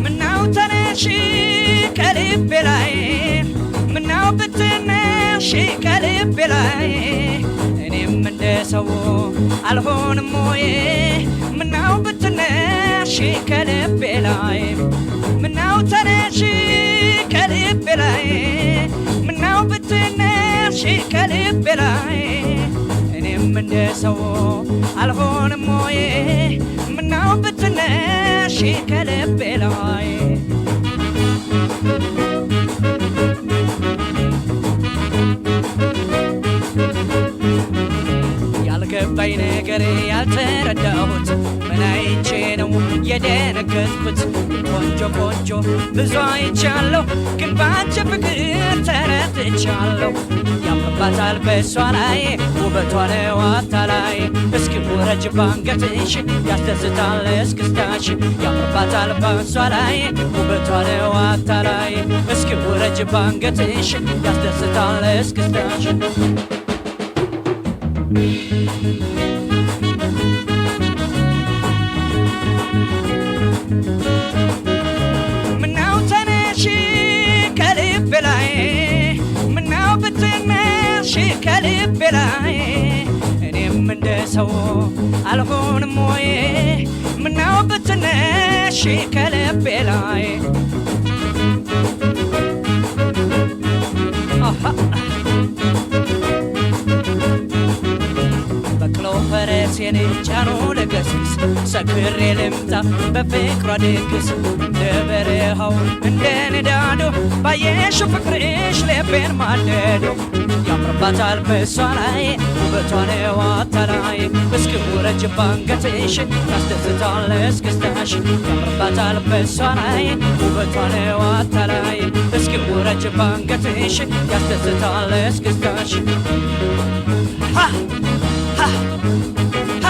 من عوتنا شي كليب بلا ሺ ከልቤ ላይ እኔም እንደ ሰው አልሆንም ሞዬ ምናው ብትነሺ ከልቤ ላይ ምናው ተነሺ ከልቤ ላይ ምናው ብትነሺ ከልቤ ላይ እኔም እንደ ሰው አልሆንም ሞዬ ምናው ነገሬ ያልተረዳሁት ምን አይቼ ነው የደነገጥኩት? ቆንጆ ቆንጆ ብዙ አይቻለሁ፣ ግን ባንቺ ፍቅር ተረትቻለሁ። ያምርባታል በሷ ላይ ውበቷ ነው አታላይ፣ እስኪ ውረጅ ባንገትሽ ያስደስታል እስክስታሽ። ያምርባታል በሷ ላይ ውበቷ ነው አታላይ፣ እስኪ ውረጅ ባንገትሽ ያስደስታል እስክስታሽ ላይ ምናው ብትናሽ ከልቤ ላይ እኔም እንደ ሰው አልሆንም ወይ ምናው ብትነሽ ከልቤ ላይ የኔ ጫኖ ለገስስ ሰክሬ ልምጣ በፍቅሯ ድግስ እንደ በረሃው እንደ ንዳዶ ባየሽ ፍቅርሽ ልቤን ማለዶ ያምርባታል በሷ ላይ ውበቷን ዋታ ላይ እስኪ ውረጅ ባንገትሽ ያስደስታል እስክስታሽ ያምርባታል በሷ ላይ ውበቷን ዋታ ላይ እስኪ ባንገትሽ ያስደስታል እስክስታሽ Ha!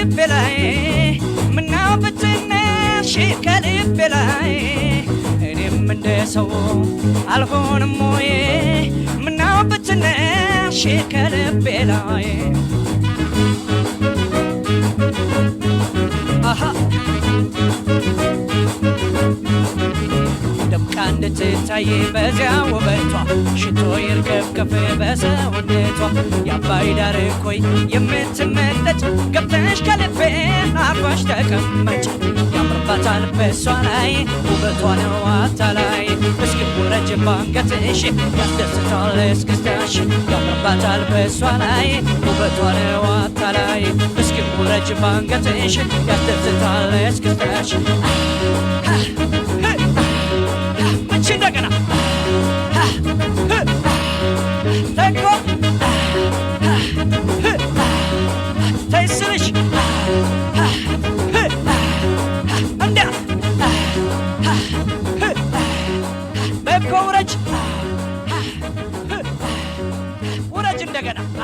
ከልቤ ላይ ምናው ብትነሽ ከልቤ ላይ እኔም እንደ ሰው አልሆንም ወይ ምናው ብትነሽ ከልቤ ላይ ይታይ በዚያ ውበቷ ሽቶ ይርከፍከፍ በሰውነቷ የአባይ ዳር ኮይ የምትመለጭ ገብተሽ ከልቤ አርባሽ ተቀመጭ ያምርባታል በሷ ላይ ውበቷ ነው አታላይ እስኪወረጅ ባንገትሽ ያስደስታል እስክስታሽ ያምርባታል በሷ ላይ ውበቷ ነው አታላይ እስኪወረጅ ባንገትሽ ያስደስታል እስክስታሽ በኮ ውረጅ ውረጅ እንደገና